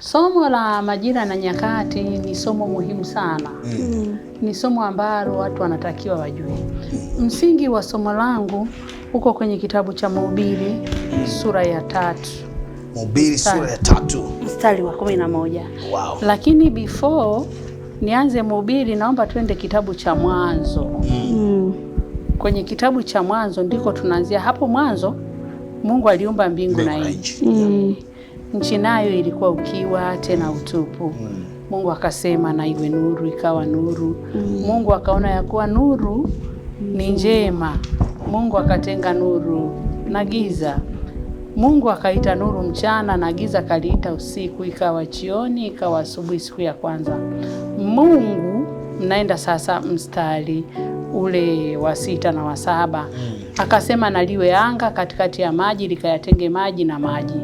Somo la majira na nyakati ni somo muhimu sana mm. mm. Ni somo ambalo watu wanatakiwa wajue. Msingi wa somo langu uko kwenye kitabu cha Mhubiri mm. sura ya tatu Mhubiri sura ya tatu mstari wa kumi na moja. Wow. Lakini before nianze Mhubiri, naomba tuende kitabu cha Mwanzo mm. mm. Kwenye kitabu cha Mwanzo ndiko tunaanzia. Hapo mwanzo Mungu aliumba mbingu na nchi mm nchi nayo ilikuwa ukiwa tena utupu. Mm. Mungu akasema na iwe nuru, ikawa nuru. Mm. Mungu akaona ya kuwa nuru ni njema. Mungu akatenga nuru na giza. Mungu akaita nuru mchana na giza kaliita usiku, ikawa jioni, ikawa asubuhi, siku ya kwanza. Mungu mnaenda sasa mstari ule wa sita na wa saba, mm. akasema naliwe anga katikati ya maji, likayatenge maji na maji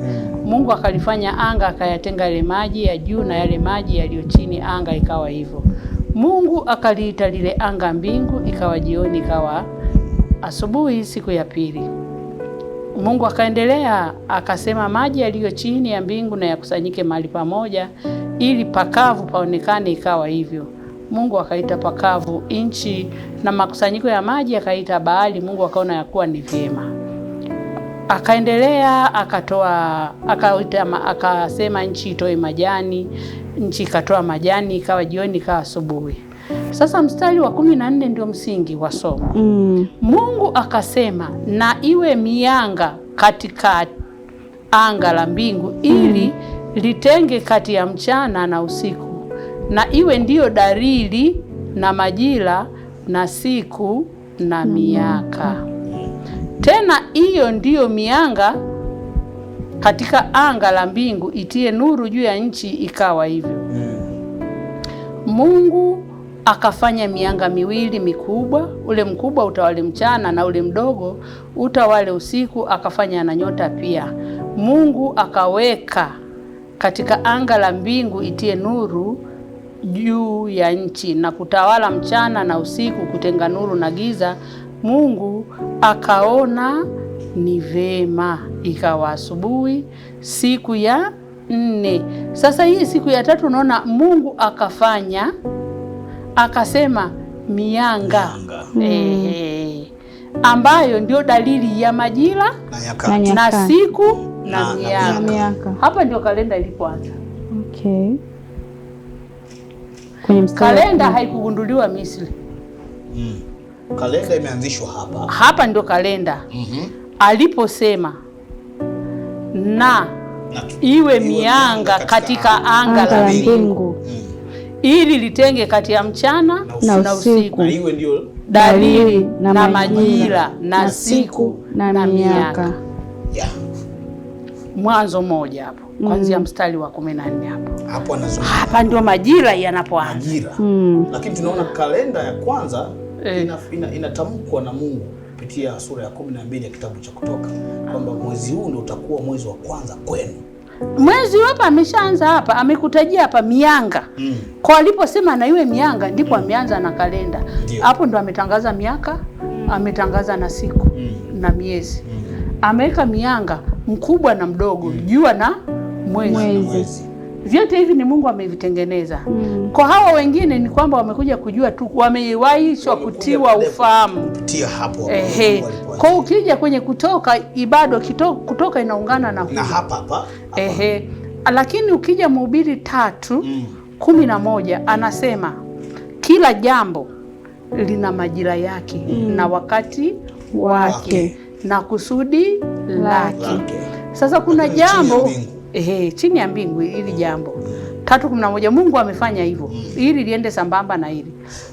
Mungu akalifanya anga akayatenga yale maji ya juu na yale maji yaliyo chini, anga ikawa hivyo. Mungu akaliita lile anga mbingu, ikawa jioni, ikawa asubuhi, siku ya pili. Mungu akaendelea akasema, maji yaliyo chini ya mbingu na yakusanyike mahali pamoja, ili pakavu paonekane, ikawa hivyo. Mungu akaita pakavu nchi, na makusanyiko ya maji akaita bahari. Mungu akaona ya kuwa ni vyema akaendelea akatoa akaita akasema nchi itoe majani, nchi ikatoa majani, ikawa jioni, ikawa asubuhi. Sasa mstari wa kumi na nne ndio msingi wa somo mm. Mungu akasema na iwe mianga katika anga la mbingu ili mm. litenge kati ya mchana na usiku, na iwe ndiyo dalili na majira na siku na mm. miaka mm. Tena hiyo ndiyo mianga katika anga la mbingu itie nuru juu ya nchi, ikawa hivyo. Hmm. Mungu akafanya mianga miwili mikubwa, ule mkubwa utawale mchana na ule mdogo utawale usiku, akafanya na nyota pia. Mungu akaweka katika anga la mbingu itie nuru juu ya nchi, na kutawala mchana na usiku, kutenga nuru na giza. Mungu akaona ni vema, ikawa asubuhi siku ya nne. Sasa hii siku ya tatu, unaona Mungu akafanya akasema mianga, mianga. E, ambayo ndio dalili ya majira na, na siku na, na, na mianga Hapa ndio kalenda ilipoanza. Okay. Kalenda haikugunduliwa Misri. Mm. Kalenda imeanzishwa hapa hapa, ndio kalenda mm -hmm. Aliposema na, na iwe mianga katika, katika anga, anga la mbingu mm. ili litenge kati ya mchana na usiku, na iwe ndio dalili na, na majira na na siku na, na miaka yeah. Mwanzo mmoja hapo kwanzia mm. mstari wa kumi na nne hapo hapo, hapa ndio majira yanapoanza mm. Lakini tunaona kalenda ya kwanza inatamkwa Ina, inatamkwa ina na Mungu kupitia sura ya kumi na mbili ya kitabu cha Kutoka kwamba mwezi huu ndio utakuwa mwezi wa kwanza kwenu. Mwezi hapa ameshaanza hapa, amekutajia hapa mianga mm. Kwa aliposema na iwe mianga ndipo mm. ameanza na kalenda hapo, ndo ametangaza miaka mm. ametangaza na siku mm. na miezi mm. ameweka mianga mkubwa na mdogo, mm. jua na na mwezi, mwezi vyote hivi ni Mungu amevitengeneza. mm. Kwa hawa wengine ni kwamba wamekuja kujua tu, wamewaishwa kutiwa ufahamu. Ehe, kwa ukija kwenye Kutoka ibado kito, Kutoka inaungana na, na hapa, hapa. Ehe, lakini ukija Mhubiri tatu mm. kumi na moja anasema kila jambo lina majira yake mm. na wakati wake okay. na kusudi lake. Sasa kuna jambo ehe, chini ya mbingu hili jambo tatu kumi na moja Mungu amefanya hivyo ili liende sambamba na hili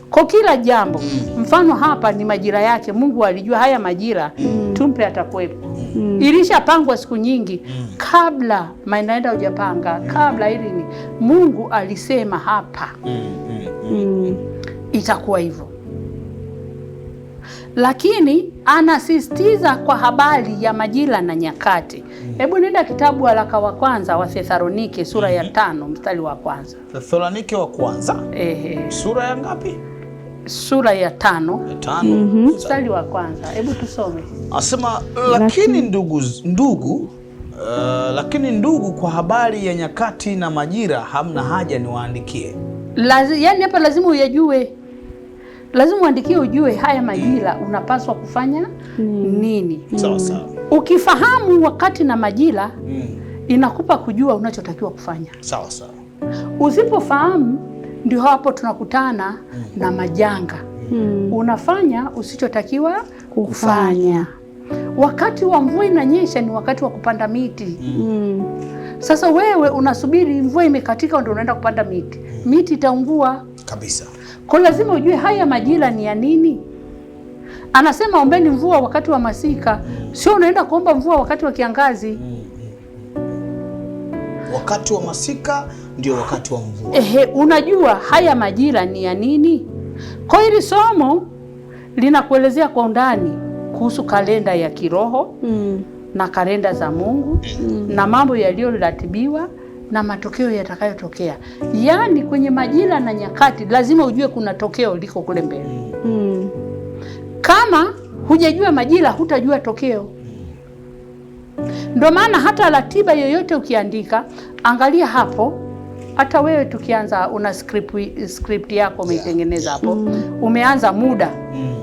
kwa kila jambo. Mfano hapa ni majira yake, Mungu alijua haya majira tumpe atakuwepo. Ilishapangwa siku nyingi kabla maendaenda hujapanga kabla hili ni Mungu alisema hapa mm, mm, mm, itakuwa hivyo lakini anasisitiza kwa habari ya majira na nyakati. Mm. Hebu nenda kitabu waraka wa kwanza wa Thesalonike sura ya mm-hmm. tano mstari wa kwanza. Thesalonike wa kwanza ehe, sura ya ngapi? Sura ya tano, ya tano. Mm -hmm. mstari wa kwanza, hebu tusome. Asema lakini ndugu, ndugu Uh, lakini ndugu, kwa habari ya nyakati na majira hamna mm. haja niwaandikie. Laz, yani hapa lazima uyajue lazima uandikie, ujue haya mm. majira unapaswa kufanya mm. nini mm. sawa sawa. Ukifahamu wakati na majira mm. inakupa kujua unachotakiwa kufanya sawa sawa. Usipofahamu ndio hapo tunakutana mm. na majanga mm. unafanya usichotakiwa kufanya. Wakati wa mvua inanyesha ni wakati wa kupanda miti mm. mm. Sasa wewe unasubiri mvua imekatika ndio unaenda kupanda miti, miti itaungua kabisa. Kwa lazima ujue haya majira ni ya nini. Anasema ombeni mvua wakati wa masika, mm. sio unaenda kuomba mvua wakati wa kiangazi. Mm, mm, wakati wa masika ndio wakati wa mvua. Ehe, unajua haya majira ni ya nini? Kwa hili somo linakuelezea kwa undani kuhusu kalenda ya kiroho mm. na kalenda za Mungu mm. na mambo yaliyoratibiwa na matokeo yatakayotokea. Yaani kwenye majira na nyakati lazima ujue kuna tokeo liko kule mbele. Mm. Kama hujajua majira hutajua tokeo. Ndio maana hata ratiba yoyote ukiandika, angalia hapo hata wewe tukianza, una script, yako umeitengeneza hapo. Mm. Umeanza muda. Mm.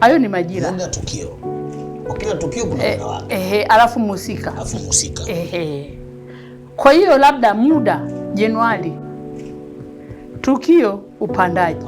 Hayo mm. ni majira. tukio. tukio eh, alafu musika. Alafu musika. Ehe. Kwa hiyo labda muda Januari, tukio upandaji,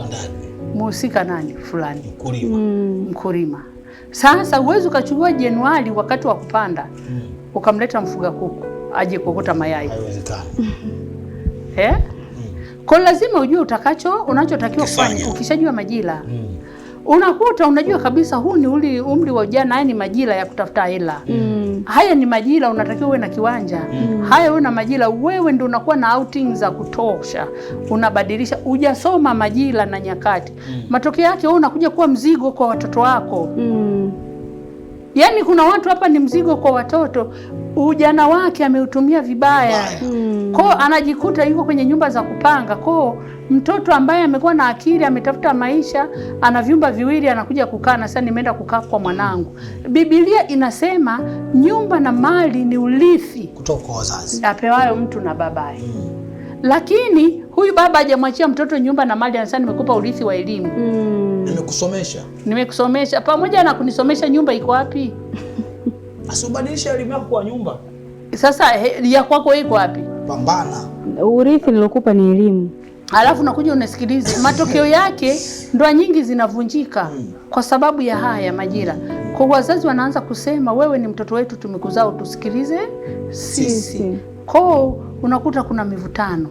muhusika nani? Fulani, mkulima. Mm. Mkulima. Sasa huwezi ukachukua Januari wakati wa kupanda mm. ukamleta mfuga kuku aje kuokota mayai eh? mm. Kwa lazima ujue utakacho unachotakiwa kufanya ukishajua majira mm unakuta unajua kabisa huu ni uli umri wa ujana, haya ni majira ya kutafuta hela mm. haya ni majira unatakiwa uwe na kiwanja mm. haya uwe na majira, wewe ndio unakuwa na outing za kutosha, unabadilisha, hujasoma majira na nyakati mm. matokeo yake wewe unakuja kuwa mzigo kwa watoto wako mm. Yaani kuna watu hapa ni mzigo kwa watoto, ujana wake ameutumia vibaya hmm. hmm. Kwao anajikuta yuko kwenye nyumba za kupanga. ko mtoto ambaye amekuwa na akili, ametafuta maisha, ana vyumba viwili, anakuja kukaa na sasa, nimeenda kukaa kwa mwanangu. Biblia inasema nyumba na mali ni urithi kutoka kwa wazazi apewayo mtu na babaye hmm. Lakini huyu baba hajamwachia mtoto nyumba na mali, anasema nimekupa urithi wa elimu hmm. Nimekusomesha, nimekusomesha pamoja na kunisomesha. Nyumba iko wapi? Asibadilishe elimu yako kwa nyumba. Sasa ya kwako iko wapi? Pambana. Urithi nilokupa ni elimu, alafu nakuja unasikilize. Matokeo yake ndoa nyingi zinavunjika hmm. kwa sababu ya haya majira. Kwa wazazi wanaanza kusema, wewe ni mtoto wetu, tumekuzaa utusikilize sisi. Kwa unakuta kuna mivutano,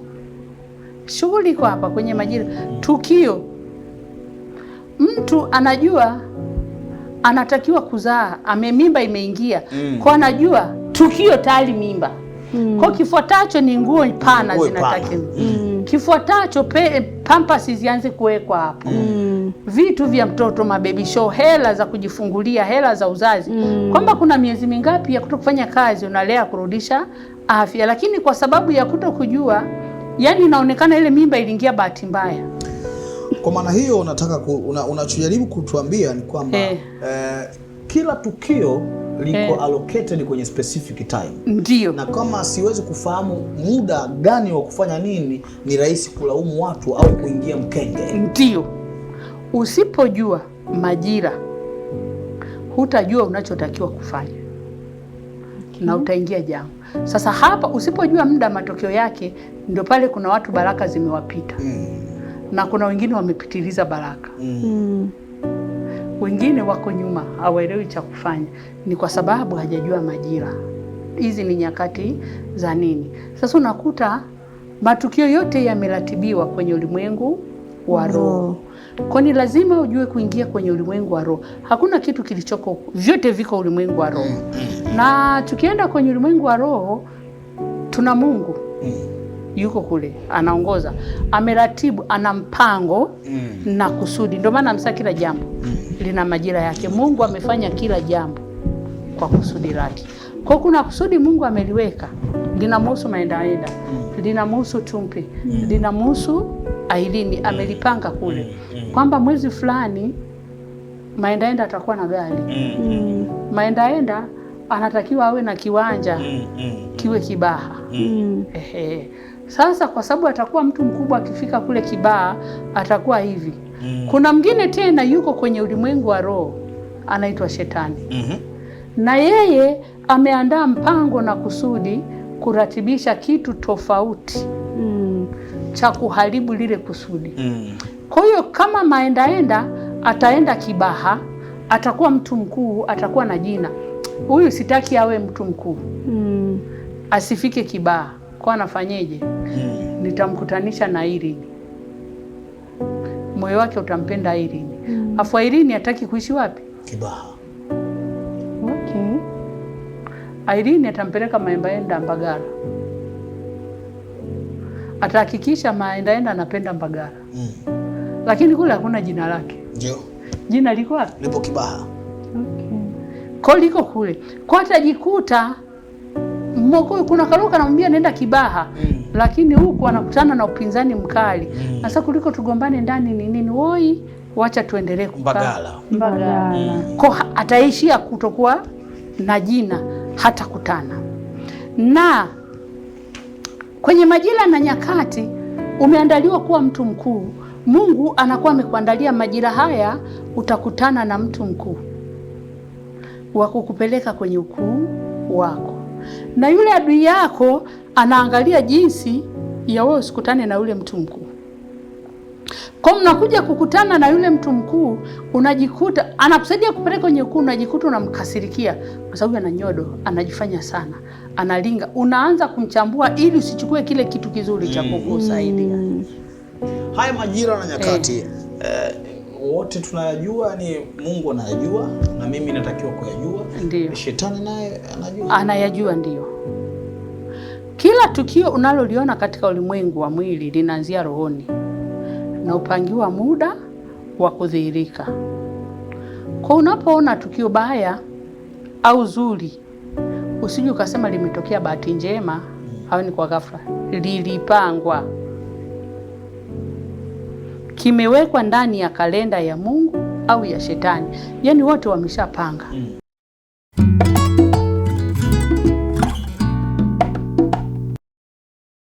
shughuli iko hapa kwenye majira tukio mtu anajua anatakiwa kuzaa, mimba imeingia mm. kwa anajua tukio tayari mimba mm. kwa kifuatacho ni nguo pana zinatakiwa mm. mm. kifuatacho pampas zianze kuwekwa hapo mm. mm. vitu vya mtoto, mabebi show, hela za kujifungulia, hela za uzazi mm. kwamba kuna miezi mingapi ya kuto kufanya kazi, unalea kurudisha afya, lakini kwa sababu ya kuto kujua, yani inaonekana ile mimba iliingia bahati mbaya. Kwa maana hiyo unataka ku, una, unachojaribu kutuambia ni kwamba eh. eh, kila tukio liko eh, allocated kwenye specific time. Ndio. Na kama siwezi kufahamu muda gani wa kufanya nini, ni rahisi kulaumu watu au kuingia mkenge. Ndio. Usipojua majira hutajua unachotakiwa kufanya na utaingia jambo Sasa hapa usipojua muda, matokeo yake ndio pale kuna watu baraka zimewapita. Mm na kuna wengine wamepitiliza baraka mm. Wengine wako nyuma, hawaelewi cha kufanya, ni kwa sababu hajajua majira. Hizi ni nyakati za nini? Sasa unakuta matukio yote yameratibiwa kwenye ulimwengu wa mm. roho no. Kwani lazima ujue kuingia kwenye ulimwengu wa roho. Hakuna kitu kilichoko, vyote viko ulimwengu wa roho, mm. na tukienda kwenye ulimwengu wa roho tuna Mungu mm yuko kule anaongoza, ameratibu, ana mpango mm. na kusudi. Ndio maana amsaa kila jambo mm. lina majira yake. Mungu amefanya kila jambo kwa kusudi lake. Kwa kuna kusudi Mungu ameliweka, linamhusu Maendaenda, mm. linamhusu Tumpi, mm. linamhusu Ailini, mm. amelipanga kule kwamba mwezi fulani Maendaenda atakuwa na gari mm. Maendaenda anatakiwa awe na kiwanja kiwe Kibaha mm. Sasa kwa sababu atakuwa mtu mkubwa, akifika kule Kibaha atakuwa hivi mm. Kuna mwingine tena yuko kwenye ulimwengu wa roho anaitwa Shetani mm -hmm. Na yeye ameandaa mpango na kusudi kuratibisha kitu tofauti mm, cha kuharibu lile kusudi mm. Kwa hiyo kama maendaenda ataenda Kibaha, atakuwa mtu mkuu, atakuwa na jina, huyu sitaki awe mtu mkuu mm. Asifike Kibaha kwa anafanyeje? Hmm. Nitamkutanisha na Irini, moyo wake utampenda Irini. Hmm. Afu Irini hataki kuishi wapi? Kibaha. Okay. Irini atampeleka maendaenda Mbagara, atahakikisha maendaenda anapenda Mbagara. Hmm. Lakini kule hakuna jina lake. Ndio. Jina liko wapi? Lipo Kibaha. Okay. Kwa liko kule kwa atajikuta kuna Karuka anamwambia nenda Kibaha mm. lakini huku anakutana na upinzani mkali mm. sasa kuliko tugombane ndani ni nini woi, wacha tuendelee Mbagala, Mbagala. Mm. mm. ko ataishia kutokuwa na jina hata kutana na kwenye majira na nyakati umeandaliwa kuwa mtu mkuu. Mungu anakuwa amekuandalia majira haya, utakutana na mtu mkuu wa kukupeleka kwenye ukuu wako na yule adui yako anaangalia jinsi ya wewe usikutane na yule mtu mkuu. Kwa mnakuja kukutana na yule mtu mkuu, unajikuta anakusaidia kupeleka kwenye kuu, unajikuta unamkasirikia kwa sababu ana nyodo, anajifanya sana, analinga, unaanza kumchambua ili usichukue kile kitu kizuri cha mm. kukusaidia. Haya majira na nyakati eh. Eh, wote tunayajua, ni Mungu anayajua na mimi natakiwa kuyajua, ndio shetani naye anajua, anayajua. Ndio kila tukio unaloliona katika ulimwengu wa mwili linaanzia rohoni na upangiwa muda wa kudhihirika. Kwa unapoona tukio baya au zuri, usije ukasema limetokea bahati njema au ni kwa ghafla, lilipangwa kimewekwa ndani ya kalenda ya Mungu au ya Shetani, yaani wote wameshapanga mm.